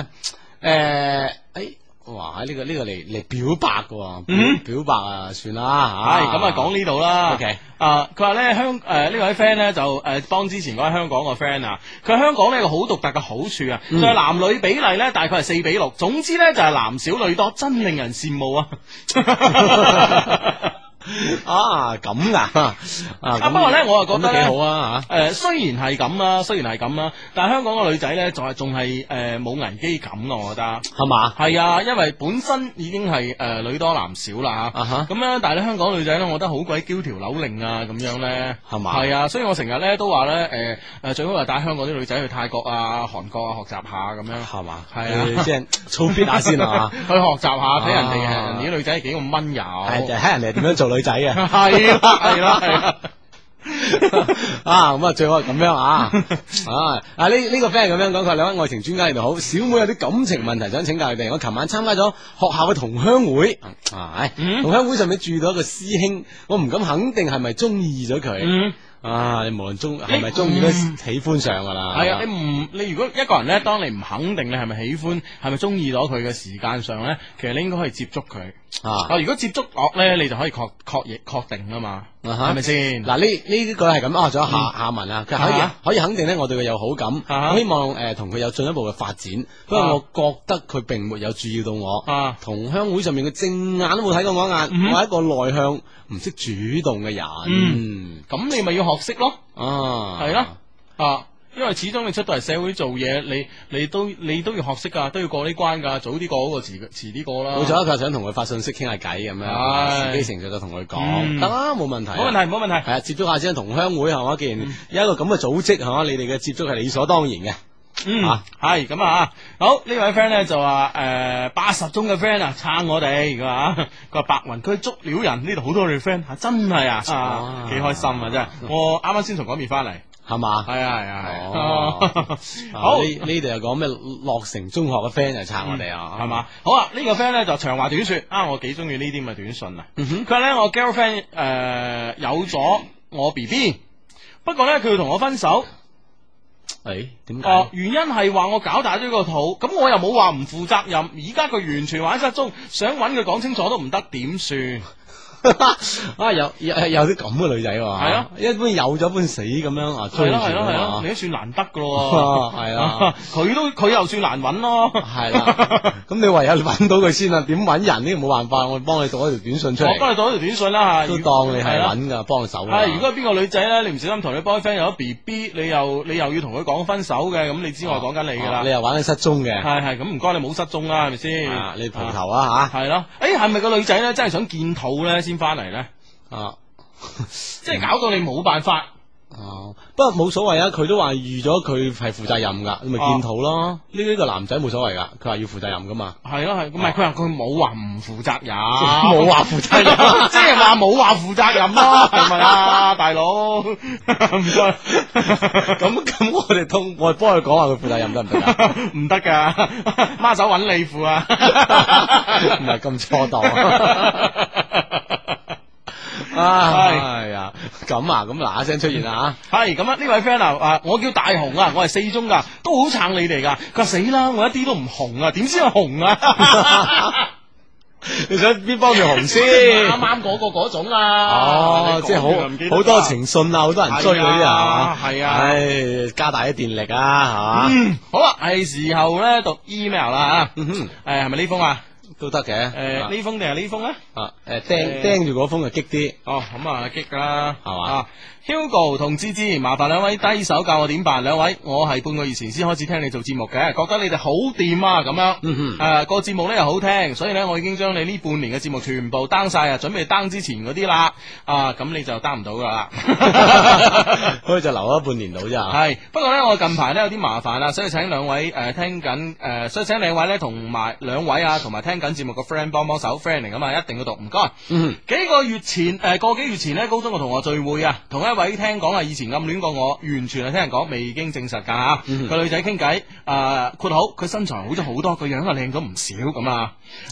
啊。哎哇！呢、這個呢、這個嚟嚟表白噶、啊，表，mm hmm. 表白啊，算、嗯嗯、啦唉，咁 Okay.、呃呃呃、啊，講呢度啦。O K，啊，佢話咧香誒呢位 friend 咧就誒幫之前嗰位香港個 friend 啊，佢香港呢個好獨特嘅好處啊，就係、嗯、男女比例咧大概係四比六，總之咧就係、是、男少女多，真令人羨慕啊！ 啊咁噶，啊不過咧我啊覺得幾好啊，誒雖然係咁啊，雖然係咁啊，但係香港個女仔咧仲係仲係誒冇危機感啊。我覺得係嘛，係啊，因為本身已經係誒女多男少啦吓，咁咧但係咧香港女仔咧，我覺得好鬼嬌條扭擰啊咁樣咧，係嘛，係啊，所以我成日咧都話咧，誒誒最好就帶香港啲女仔去泰國啊、韓國啊學習下咁樣，係嘛，係即係操 fit 下先啊，去學習下睇人哋人哋啲女仔幾咁溫柔，係就睇人哋點樣做女仔啊係啦，係啦，啊，咁 啊最好係咁樣啊，啊，啊呢、啊、呢、啊、個 friend 係咁樣講，佢，兩位愛情專家你哋好，小妹有啲感情問題想請教你哋，我琴晚參加咗學校嘅同鄉會，啊哎哎嗯，係同鄉會上面住到一個師兄，我唔敢肯定係咪中意咗佢。嗯啊！你無論中係咪中意都喜歡上噶啦。係啊、嗯，你唔你如果一個人咧，當你唔肯定你係咪喜歡，係咪中意咗佢嘅時間上咧，其實你應該可以接觸佢。啊，啊如果接觸落咧，你就可以確確認確定㗎嘛。係咪先？嗱呢呢個係咁、嗯、啊，仲有下文啊，可以可以肯定咧，我對佢有好感，啊、哈我希望誒同佢有進一步嘅發展。不過、啊、我覺得佢並沒有注意到我，同鄉、啊、會上面嘅正眼都冇睇過我一眼。我係一個內向唔識主動嘅人，咁、嗯嗯嗯嗯、你咪要學識咯，係咯啊。ten First mistaken 因為始終你出到嚟社會做嘢，你你都你都要學識噶，都要過呢關噶，早啲過嗰、嗰個遲遲啲過啦。冇錯啦，就係想同佢發信息，傾下偈咁樣，聊聊哎、時機成熟就同佢講得啦，冇問題。冇問題，冇問題。係啊，接觸下先，同鄉會係嘛，既然有一個咁嘅組織係嘛，你哋嘅接觸係理所當然嘅。嗯，係咁啊，啊，好，呢位 friend 咧就話誒八十中嘅 friend 啊撐我哋，佢話白雲區捉鳥人呢度好多你 friend 吓，真係啊，幾、啊、開心啊真係。我啱啱先從嗰邊翻嚟。係嘛？係啊，係啊，係、哦。 好，呢呢度又講咩？樂城中學嘅 friend 就撐我哋，嗯、啊，係嘛？好啊，這個、呢個 friend 咧就長話短說啊，我幾中意呢啲咁嘅短信啊。佢話咧、嗯、哼我 girlfriend 誒、呃、有咗我 B B，不過咧佢要同我分手。誒、欸，點解？哦，原因係話我搞大咗個肚，咁我又冇話唔負責任。而家佢完全玩失蹤，想搵佢講清楚都唔得，點算？ 啊有有啲咁嘅女仔喎，係咯，一般有咗一般死咁樣啊，追，係咯係咯，你都算難得噶咯，係 啊，佢、啊、 都佢又算難揾咯，係 啦、啊，咁你唯、啊、有揾到佢先啦，點揾人呢？冇辦法，我幫你讀一條短信出嚟，我都、哦、你讀一條短信啦、啊，都當你係揾噶，幫手、啊。係、啊、如果邊個女仔咧，你唔小心同你 boyfriend 有咗 B B，你又你又要同佢講分手嘅，咁你知我講緊你噶啦、啊啊，你又玩失蹤、啊、你失蹤嘅、啊，係係咁唔該你冇失蹤啦，係咪先？你抬頭啊吓，係咯、啊，誒係咪個女仔咧真係想見肚咧？先翻嚟咧，啊！即係搞到你冇辦法。哦、啊，不過冇所謂啊，佢都話預咗佢係負責任噶，你咪見討咯。呢呢個男仔冇所謂噶，佢話要負責任噶嘛。係咯係，唔係佢話佢冇話唔負責任，冇話負責任， 即係話冇話負責任咯，係咪 啊，大佬？唔 該。 咁咁，我哋通我哋幫佢講下佢負責任得唔得？唔得噶，媽 手揾你負啊，唔係咁錯當。係唉啊，咁啊，咁嗱下聲出現啦吓，係咁啊，呢位 friend 啊，我叫大雄啊，我係四中噶，都好撐你哋噶，佢死啦，我一啲都唔紅啊，點先紅啊？你想邊幫住紅先？啱啱嗰個嗰種啊，哦、啊，啊、即係好好多情信啊，好多人追你啊，係啊，唉、啊哎，加大啲電力啊，吓，嗯，好啦，係了時候咧讀 email 啦，吓、嗯，誒、哎，係咪呢封啊？都得嘅，誒、呃、呢封定係呢封咧？啊，誒釘釘住嗰封就激啲。哦，咁啊激噶啦，係嘛？啊。Hugo 同芝芝，i, 麻煩兩位低手教我點辦。兩位，我係半個月前先開始聽你做節目嘅，覺得你哋好掂啊咁樣。嗯哼、mm，誒、hmm. 呃，個節目咧又好聽，所以咧我已經將你呢半年嘅節目全部 down 晒啊，準備 down 之前啲啦。啊，咁你就 down 唔到噶啦，所以 就留咗半年度咋。係， 不過咧我近排咧有啲麻煩啊，所以請兩位誒、呃、聽緊誒、呃，所以請兩位咧同埋兩位啊，同埋聽緊節目嘅 friend 幫幫手，friend 嚟啊一定要讀，唔該。嗯、mm，hmm. 幾個月前誒，個、呃、幾月前咧，高中嘅同學聚會啊，同一。位聽講啊，以前暗戀過我，完全係聽人講，未經證實噶。個、mm hmm. 女仔傾偈，誒闊好，佢身材好咗好多，個樣又靚咗唔少咁啊。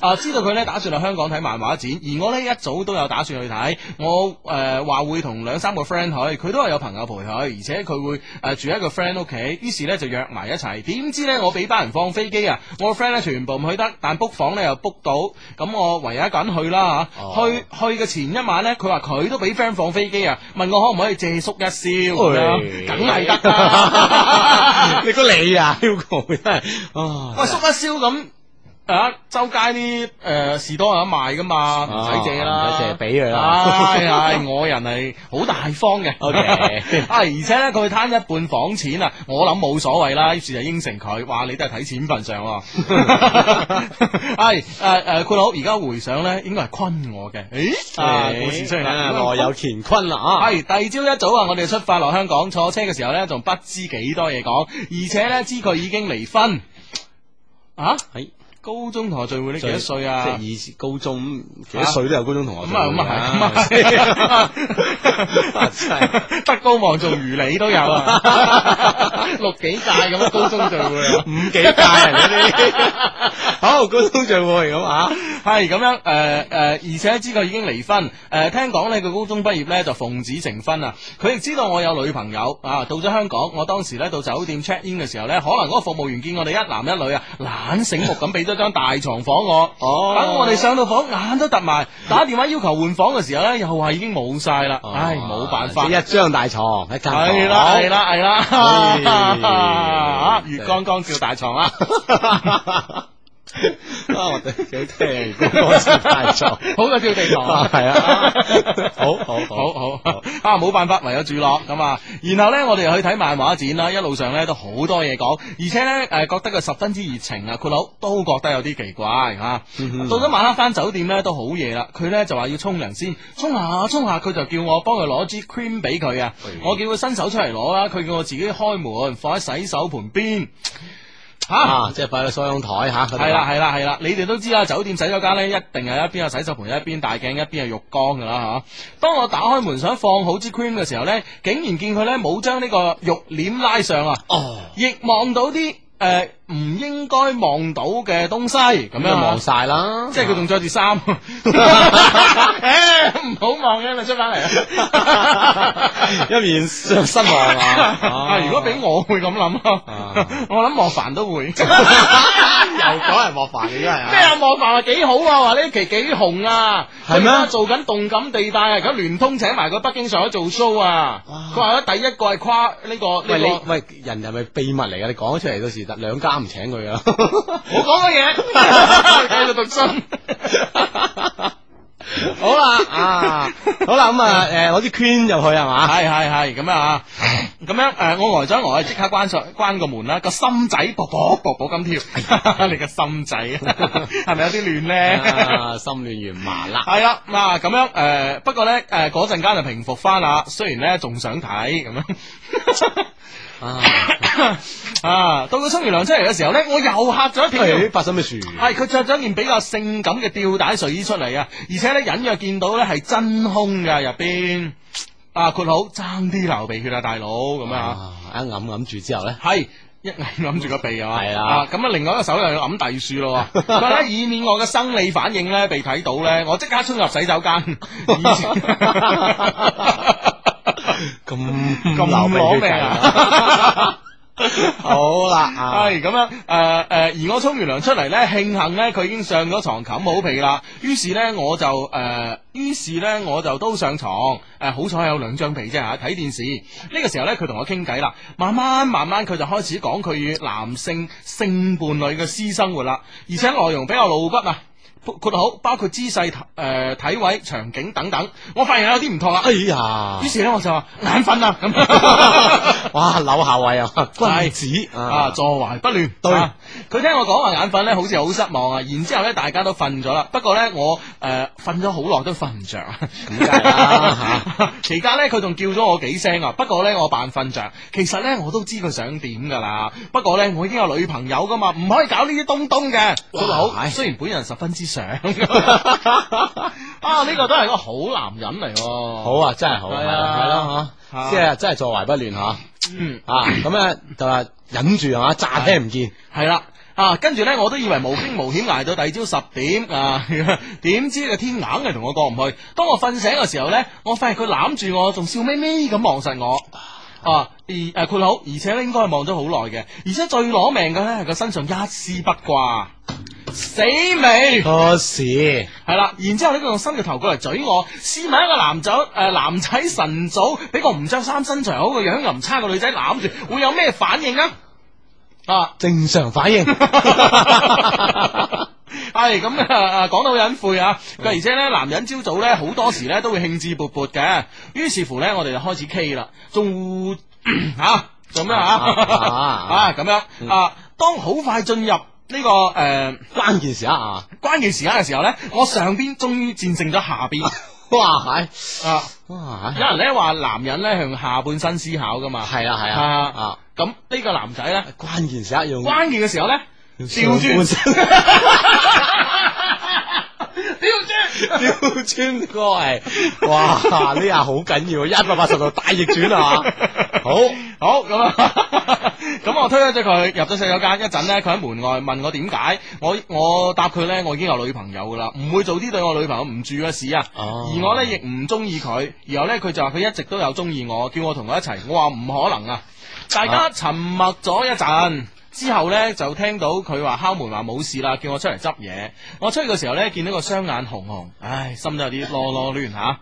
啊、呃，知道佢咧打算去香港睇漫畫展，而我呢一早都有打算去睇。我誒話、呃、會同兩三個 friend 去，佢都係有朋友陪佢，而且佢會誒、呃、住喺個 friend 屋企。於是呢就約埋一齊。點知呢？我俾班人放飛機啊！我個 friend 呢全部唔去得，但 book 房呢又 book 到。咁我唯有一個人去啦、oh. 去去嘅前一晚呢，佢話佢都俾 friend 放飛機啊，問我可唔可以？借宿一宵，梗係得你個你啊，Hugo，真係啊，宿一宵咁。啊，周街啲誒士多有得賣噶嘛，唔使借啦，借俾佢啦。係我人係好大方嘅。啊，而且咧佢攤一半房錢啊，我諗冇所謂啦，於是就應承佢，話你都係睇錢份上。係誒誒，括佬，而家回想咧，應該係坤我嘅。誒，冇事出嚟，我有乾坤啦。啊，係第二朝一早啊，我哋出發落香港，坐車嘅時候咧，仲不知幾多嘢講，而且咧知佢已經離婚。啊，係。高中同學聚會呢，幾多歲啊？即係以前高中幾多歲都有高中同學？啊。咁啊咁啊係，德高望重如你都有啊， 六幾屆咁啊高中聚會， 五幾屆嗰啲。好，高中聚會咁啊，係、嗯、咁 樣誒誒、呃呃，而且知道已經離婚誒、呃，聽講咧佢高中畢業咧就奉子成婚啊。佢亦知道我有女朋友啊。到咗香港，我當時咧到酒店 check in 嘅時候咧，可能嗰個服務員見我哋一男一女啊，懶醒目咁俾咗，一張大床房我，等、oh. 我哋上到房眼都突埋，打電話要求換房嘅時候咧，又話已經冇晒啦，oh. 唉，冇辦法，一張大床，一間房，係啦係啦係啦， 月光光照大床啦。 啊！我哋要好嘅，叫地堂係啊， 好好好好啊，冇辦法唯有住落咁啊。然後呢，我哋又去睇漫畫展啦，一路上呢，都好多嘢講，而且呢，誒，覺得佢十分之熱情啊，佢老都覺得有啲奇怪啊。 到咗晚黑返酒店呢，都好夜啦，佢呢，就話要沖涼先，冲下冲下，佢就叫我幫佢攞支 cream 俾佢啊。我叫佢伸手出嚟攞啦，佢叫我自己開門，放喺洗手盆邊。吓、啊，即係擺喺梳妝台吓，係啦係啦係啦，你哋都知啦，酒店洗手間咧一定係一邊有洗手盆，一邊大鏡，一邊係浴缸噶啦吓。當我打開門想放好支 cream 嘅時候咧，竟然見佢咧冇將呢個浴簾拉上啊，哦，亦望到啲。誒，唔應該望到嘅東西，咁樣望晒啦，即係佢仲着住衫，唔好望嘅咪出翻嚟，一面失望啊！如果俾我會咁諗，我諗莫凡都會，又講係莫凡嘅，因為咩啊？莫凡話幾好啊，話呢期幾紅啊，係咩？做緊動感地帶啊，咁聯通請埋個北京上咗做 show 啊，佢話咧第一個係誇呢個呢你，喂，人係咪秘密嚟噶？你講咗出嚟到時。其實兩家唔請佢啊！冇講乜嘢？繼續獨身。好啦啊，好啦咁、嗯、啊，誒攞啲圈入去係嘛，係係係咁啊，咁樣誒、啊、我呆咗呆，即刻關上關個門啦，個心仔薄薄薄薄咁跳，你個心仔係咪有啲亂咧？心亂如麻啦，係啦啊咁樣誒，不過咧誒嗰陣間就平復翻啦，雖然咧仲想睇咁樣啊啊， 啊，到佢沖完涼出嚟嘅時候咧，我又嚇咗、哎啊啊、一片，發生咩事，係佢着咗件比較性感嘅吊帶睡衣出嚟啊，而且。一隱約見到咧係真空嘅入邊，啊，括好爭啲流鼻血啊，大佬咁啊！一揞揞住之後咧，係一揞住個鼻啊，係啦、啊！咁啊，另外一個手又揞第二處咯，咁 啊，以免我嘅生理反應咧被睇到咧，我即刻衝入洗手間。咁咁流命啊！ 好啦，係咁樣，誒、呃、誒、呃，而我沖完涼出嚟呢，慶幸呢，佢已經上咗床冚好被啦。於是呢，我就誒、呃，於是呢，我就都上床，誒、呃、好彩有兩張被啫吓，睇電視。呢、呢個時候呢，佢同我傾偈啦，慢慢慢慢佢就開始講佢與男性性伴侶嘅私生活啦，而且內容比較露骨啊。括好，包括姿勢、誒體位、場景等等，我發現有啲唔同啦。哎呀，於是咧我就話眼瞓啦咁，哇扭下位啊，君子啊坐懷不亂。對，佢聽我講話眼瞓咧，好似好失望啊。然之後咧大家都瞓咗啦，不過咧我誒瞓咗好耐都瞓唔着。著。期間咧佢仲叫咗我幾聲啊，不過咧我扮瞓着。其實咧我都知佢想點㗎啦。不過咧我已經有女朋友㗎嘛，唔可以搞呢啲東東嘅。好，雖然本人十分之。 啊！呢、這個都係個好男人嚟，好啊，真係好，係咯，即係真係坐懷不亂吓，嗯啊，咁咧就係忍住啊，詐聽唔見，係啦的啊，跟住咧我都以為無驚無險挨到第二朝十點啊，點知個天硬係同我過唔去，當我瞓醒嘅時候咧，我發現佢攬住我，仲笑眯眯咁望實我。啊，而誒括好，而且咧應該係望咗好耐嘅，而且最攞命嘅咧，係個身上一絲不掛，死未？不事是，係啦，然之後咧佢用新嘅頭過嚟嘴我，試問一個男仔誒、呃、男仔晨早俾個唔着衫、身材好嘅樣又唔差嘅女仔攬住，會有咩反應呢啊？啊，正常反應。 係咁啊！講到好隱晦啊！佢而且咧，男人朝早咧好多時咧都會興致勃勃嘅，於是乎咧，我哋就開始 K 啦，仲，吓做咩啊？啊咁樣啊！當好快進入呢個誒關鍵時刻啊！關鍵時刻嘅時候咧，我上邊終於戰勝咗下邊，哇！係啊哇！有人咧話男人咧向下半身思考噶嘛，係啊係啊啊！咁呢個男仔咧，關鍵時刻要用關鍵嘅時候咧。趙川，趙川，趙川哥嚟，哇！呢下好緊要，一百八十度大逆轉啊！ 好，好咁啊，咁我推咗咗佢入咗洗手間，一陣咧佢喺門外問我點解，我我答佢咧我已經有女朋友噶啦，唔會做啲對我女朋友唔住嘅事啊，而我咧亦唔中意佢，然後咧佢就話佢一直都有中意我，叫我同佢一齊，我話唔可能啊！大家沉默咗一陣。之後呢，就聽到佢話敲門話冇事啦，叫我出嚟執嘢。我出去嘅時候呢，見到個雙眼紅紅，唉，心都有啲囉囉攣吓。啊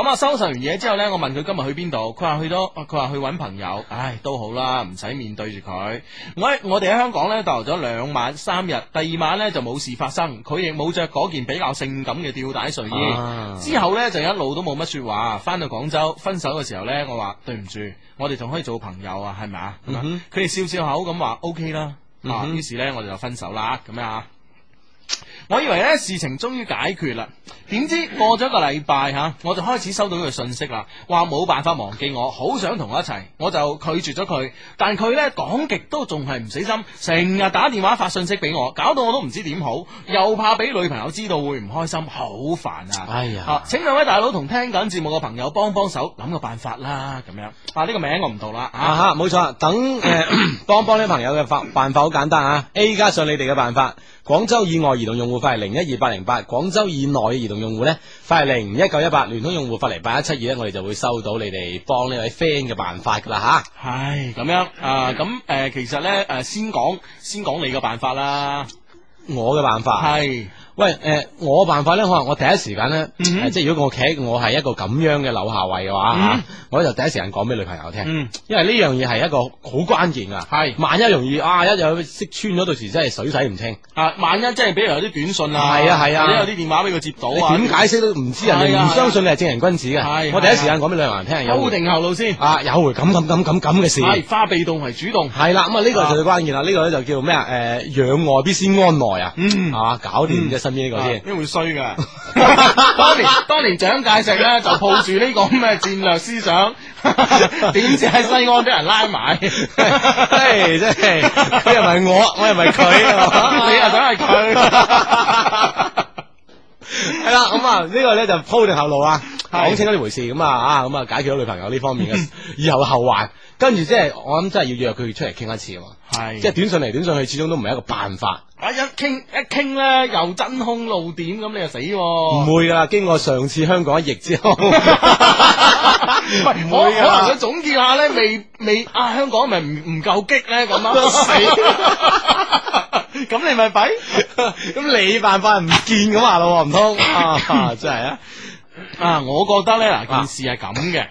咁啊，收拾完嘢之後咧，我問佢今日去邊度，佢話去到，佢話去揾朋友。唉，都好啦，唔使面對住佢。我我哋喺香港咧逗留咗兩晚三日，第二晚咧就冇事發生，佢亦冇着嗰件比較性感嘅吊帶睡衣。啊、之後咧就一路都冇乜說話，翻到廣州分手嘅時候咧，我話對唔住，我哋仲可以做朋友啊，係咪啊？佢哋、嗯、哼笑笑口咁話 OK 啦。啊、嗯哼，於是咧我哋就分手啦，咁樣啊。我以為咧事情終於解決啦，點知過咗一個禮拜吓，我就開始收到佢信息啦，話冇辦法忘記我，好想同我一齊，我就拒絕咗佢。但佢咧講極都仲係唔死心，成日打電話發信息俾我，搞到我都唔知點好，又怕俾女朋友知道會唔開心，好煩啊！哎呀，啊、請兩位大佬同聽緊節目嘅朋友幫幫手，諗個辦法啦，咁樣啊呢、這個名我唔讀啦，啊哈，冇、啊、錯，等誒、呃、 幫幫啲朋友嘅法辦法好簡單啊，A 加上你哋嘅辦法。廣州以外移動用戶發係零一二八零八，廣州以內嘅移動用戶呢，發係零一九一八，聯通用戶發嚟八一七二呢，我哋就會收到你哋幫呢位 friend 嘅辦法噶啦吓。係咁樣啊，咁誒、呃呃，其實呢，誒、呃，先講先講你嘅辦法啦，我嘅辦法係。喂，誒我嘅辦法咧，可能我第一時間咧，即係如果我企我係一個咁樣嘅樓下位嘅話嚇，我就第一時間講俾女朋友聽，因為呢樣嘢係一個好關鍵噶，係萬一容易啊一有識穿咗，到時真係水洗唔清啊！萬一真係俾人有啲短信啊，係啊係啊，有啲電話俾佢接到啊，點解釋都唔知，人哋唔相信你係正人君子嘅，我第一時間講俾女朋友聽，守住後路先啊！有回咁咁咁咁咁嘅事，化被動為主動，係啦咁啊呢個就最關鍵啦，呢個咧就叫咩啊？誒攘外必先安內啊，係搞掂嘅呢個先，因為會衰噶。 當年當年，蔣介石咧就抱住呢個咩戰略思想，點知喺西安俾人拉埋、 哎。即真係，佢又唔係我，我又唔係佢，我 你又想係佢。係 啦， 咁啊，呢、這個咧就鋪定後路啊，講清楚呢回事咁啊，啊，咁啊，解決咗女朋友呢方面嘅以、嗯、以後後患。跟住即係，我諗真係要約佢出嚟傾一次啊嘛。是即係短信嚟短信去，始終都唔係一個辦法。啊、一傾一傾咧，又真空露點，咁你就死。唔會噶，經過上次香港一疫之後 的，我我想總結下咧，未未啊，香港咪唔唔夠激咧咁、 就是、啊，死！咁你咪弊，咁你辦法唔見咁話咯，唔通啊？真、就、係、是、啊！啊，我覺得咧嗱、啊，件事係咁嘅。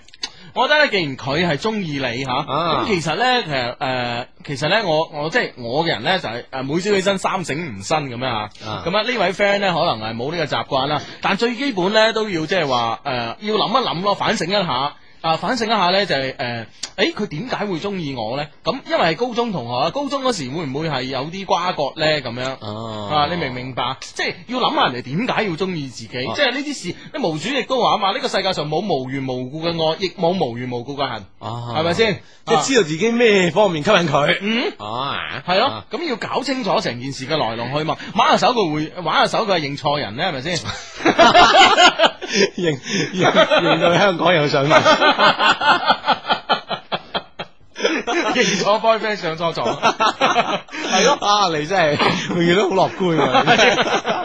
我覺得咧，既然佢係中意你吓，咁、啊、其實咧、呃，其實誒，其實咧，我我即係我嘅人咧就係、是、誒，每朝起身三省唔身咁樣吓，咁啊呢位 friend 咧可能係冇呢個習慣啦，但最基本咧都要即係話誒，要諗一諗咯，反省一下。啊！反省一下咧，就是，就係誒，誒，佢點解會中意我咧？咁因為係高中同學，高中嗰時會唔會係有啲瓜葛咧？咁樣啊，啊？你明唔明白？啊、即係要諗下人哋點解要中意自己？啊、即係呢啲事，毛主席都話啊嘛，呢、這個世界上冇無緣無故嘅愛，亦冇無緣無故嘅恨，係咪先？是是啊、即知道自己咩方面吸引佢？啊、嗯，啊，係咯、啊，咁、啊啊、要搞清楚成件事嘅來龍去脈，玩下手佢會，玩下手佢係認錯人咧，係咪先？ 認認認咗香港又上咗，認咗 boyfriend 上咗床，係咯啊！你真係永遠都好樂觀㗎。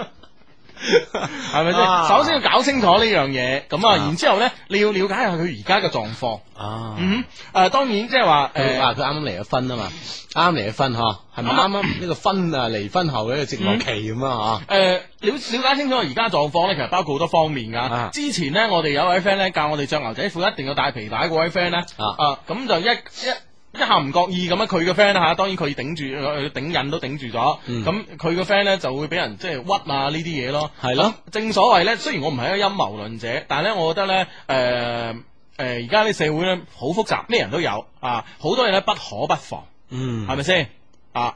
係咪先？ 啊、首先要搞清楚呢樣嘢，咁啊，然之後咧，你要了解下佢而家嘅狀況啊。嗯，誒、呃，當然即係話，誒，佢啱啱離咗婚啊嘛，啱啱離咗婚嗬，係咪？啱啱呢個婚啊，離婚後嘅一個寂寞期咁啊嗬。誒，了了解清楚而家狀況咧，其實包括好多方面噶。之前咧，我哋有位 friend 咧教我哋着牛仔褲一定要帶皮帶，個位 friend 咧啊，咁就一一。嗯一下唔覺意咁啊！佢個 friend 吓，當然佢頂住，頂忍都頂住咗。咁佢個 friend 咧就會俾人即係屈啊呢啲嘢咯。係咯，正所謂咧，雖然我唔係一個陰謀論者，但係咧，我覺得咧，誒誒，而家啲社會咧好複雜，咩人都有啊，好多嘢咧不可不防。嗯，係咪先啊？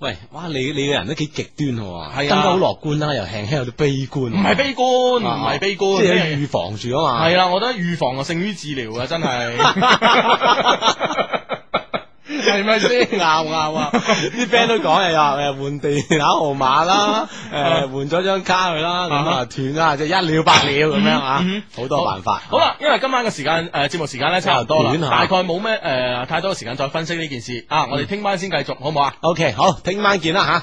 喂，哇！你你個人都幾極端喎，真係好樂觀啦，又輕輕有啲悲觀。唔係悲觀，唔係悲觀，即係預防住啊嘛。係啦，我覺得預防就勝於治療啊！真係。係咪先啱啱啊？啲 friend 都講係啊，誒換 地打號碼啦，誒換咗張卡去啦，咁啊斷啊，即 一了百了咁樣啊，好 多辦法。好啦，嗯、因為今晚嘅時間誒節目時間咧差唔多啦，大概冇咩誒太多嘅時間再分析呢件事啊，嗯、我哋聽晚先繼續好唔好啊？OK，好，聽晚見啦吓。啊